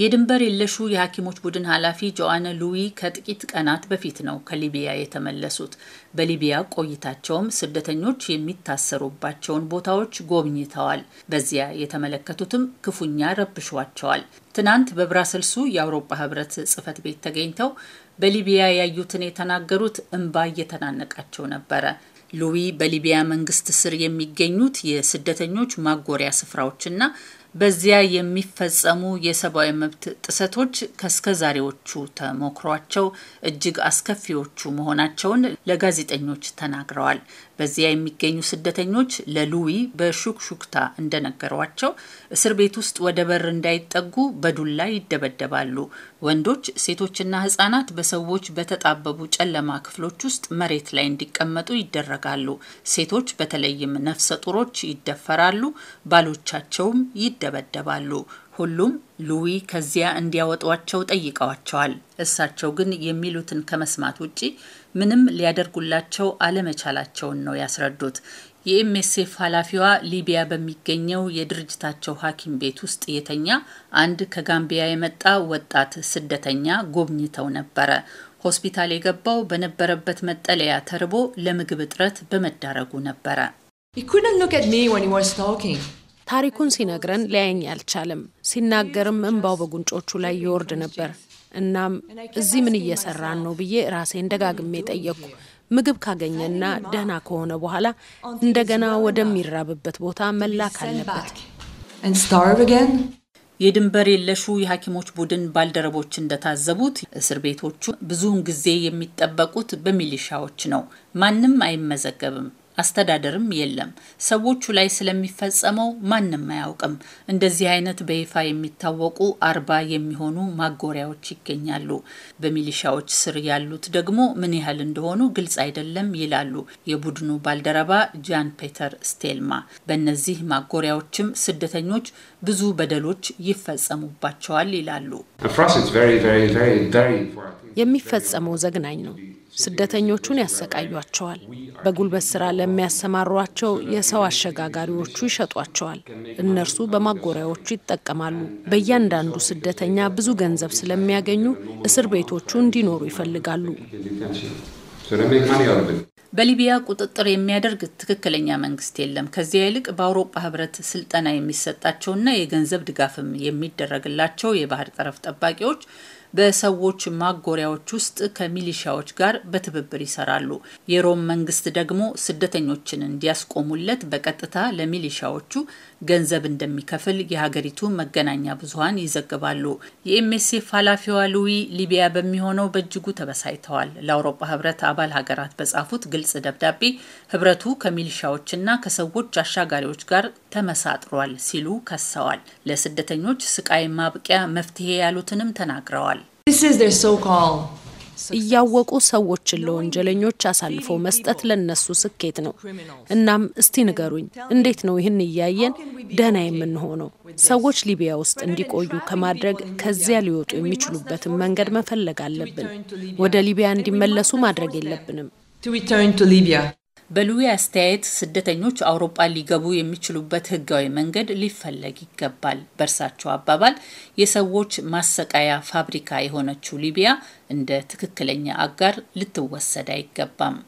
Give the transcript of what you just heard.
የድንበር የለሹ የሐኪሞች ቡድን ኃላፊ ጆአነ ሉዊ ከጥቂት ቀናት በፊት ነው ከሊቢያ የተመለሱት። በሊቢያ ቆይታቸውም ስደተኞች የሚታሰሩባቸውን ቦታዎች ጎብኝተዋል። በዚያ የተመለከቱትም ክፉኛ ረብሿቸዋል። ትናንት በብራሰልሱ የአውሮፓ ህብረት ጽህፈት ቤት ተገኝተው በሊቢያ ያዩትን የተናገሩት እንባ እየተናነቃቸው ነበረ። ሉዊ በሊቢያ መንግስት ስር የሚገኙት የስደተኞች ማጎሪያ ስፍራዎችና በዚያ የሚፈጸሙ የሰብአዊ መብት ጥሰቶች ከእስከዛሬዎቹ ተሞክሯቸው እጅግ አስከፊዎቹ መሆናቸውን ለጋዜጠኞች ተናግረዋል። በዚያ የሚገኙ ስደተኞች ለሉዊ በሹክሹክታ እንደነገሯቸው እስር ቤት ውስጥ ወደ በር እንዳይጠጉ በዱላ ይደበደባሉ። ወንዶች፣ ሴቶችና ህጻናት በሰዎች በተጣበቡ ጨለማ ክፍሎች ውስጥ መሬት ላይ እንዲቀመጡ ይደረጋሉ። ሴቶች በተለይም ነፍሰ ጡሮች ይደፈራሉ፣ ባሎቻቸውም ይደ ይደበደባሉ። ሁሉም ሉዊ ከዚያ እንዲያወጧቸው ጠይቀዋቸዋል። እሳቸው ግን የሚሉትን ከመስማት ውጪ ምንም ሊያደርጉላቸው አለመቻላቸውን ነው ያስረዱት። የኤምኤስኤፍ ኃላፊዋ ሊቢያ በሚገኘው የድርጅታቸው ሐኪም ቤት ውስጥ የተኛ አንድ ከጋምቢያ የመጣ ወጣት ስደተኛ ጎብኝተው ነበረ። ሆስፒታል የገባው በነበረበት መጠለያ ተርቦ ለምግብ እጥረት በመዳረጉ ነበረ። ታሪኩን ሲነግረን ሊያየኝ አልቻለም። ሲናገርም እንባው በጉንጮቹ ላይ ይወርድ ነበር። እናም እዚህ ምን እየሰራን ነው ብዬ ራሴን ደጋግሜ ጠየቅኩ። ምግብ ካገኘና ደህና ከሆነ በኋላ እንደገና ወደሚራብበት ቦታ መላክ አለበት። የድንበር የለሹ የሐኪሞች ቡድን ባልደረቦች እንደታዘቡት እስር ቤቶቹ ብዙውን ጊዜ የሚጠበቁት በሚሊሻዎች ነው። ማንም አይመዘገብም። አስተዳደርም የለም። ሰዎቹ ላይ ስለሚፈጸመው ማንም አያውቅም። እንደዚህ አይነት በይፋ የሚታወቁ አርባ የሚሆኑ ማጎሪያዎች ይገኛሉ። በሚሊሻዎች ስር ያሉት ደግሞ ምን ያህል እንደሆኑ ግልጽ አይደለም ይላሉ የቡድኑ ባልደረባ ጃን ፔተር ስቴልማ። በእነዚህ ማጎሪያዎችም ስደተኞች ብዙ በደሎች ይፈጸሙባቸዋል ይላሉ። የሚፈጸመው ዘግናኝ ነው። ስደተኞቹን ያሰቃዩቸዋል። በጉልበት ስራ ለሚያሰማሯቸው የሰው አሸጋጋሪዎቹ ይሸጧቸዋል። እነርሱ በማጎሪያዎቹ ይጠቀማሉ። በእያንዳንዱ ስደተኛ ብዙ ገንዘብ ስለሚያገኙ እስር ቤቶቹ እንዲኖሩ ይፈልጋሉ። በሊቢያ ቁጥጥር የሚያደርግ ትክክለኛ መንግስት የለም። ከዚያ ይልቅ በአውሮፓ ህብረት ስልጠና የሚሰጣቸውና የገንዘብ ድጋፍም የሚደረግላቸው የባህር ጠረፍ ጠባቂዎች በሰዎች ማጎሪያዎች ውስጥ ከሚሊሻዎች ጋር በትብብር ይሰራሉ። የሮም መንግስት ደግሞ ስደተኞችን እንዲያስቆሙለት በቀጥታ ለሚሊሻዎቹ ገንዘብ እንደሚከፍል የሀገሪቱ መገናኛ ብዙሀን ይዘግባሉ። የኤምኤስኤፍ ኃላፊዋ ሉዊ ሊቢያ በሚሆነው በእጅጉ ተበሳይተዋል። ለአውሮፓ ህብረት አባል ሀገራት በጻፉት ግልጽ ደብዳቤ ህብረቱ ከሚሊሻዎችና ከሰዎች አሻጋሪዎች ጋር ተመሳጥሯል ሲሉ ከሰዋል። ለስደተኞች ስቃይ ማብቂያ መፍትሄ ያሉትንም ተናግረዋል። እያወቁ ሰዎችን ለወንጀለኞች አሳልፎ መስጠት ለነሱ ስኬት ነው። እናም እስቲ ንገሩኝ፣ እንዴት ነው ይህን እያየን ደህና የምንሆነው? ሰዎች ሊቢያ ውስጥ እንዲቆዩ ከማድረግ ከዚያ ሊወጡ የሚችሉበትን መንገድ መፈለግ አለብን። ወደ ሊቢያ እንዲመለሱ ማድረግ የለብንም። በሉዊ አስተያየት ስደተኞች አውሮጳ ሊገቡ የሚችሉበት ህጋዊ መንገድ ሊፈለግ ይገባል። በእርሳቸው አባባል የሰዎች ማሰቃያ ፋብሪካ የሆነችው ሊቢያ እንደ ትክክለኛ አጋር ልትወሰድ አይገባም።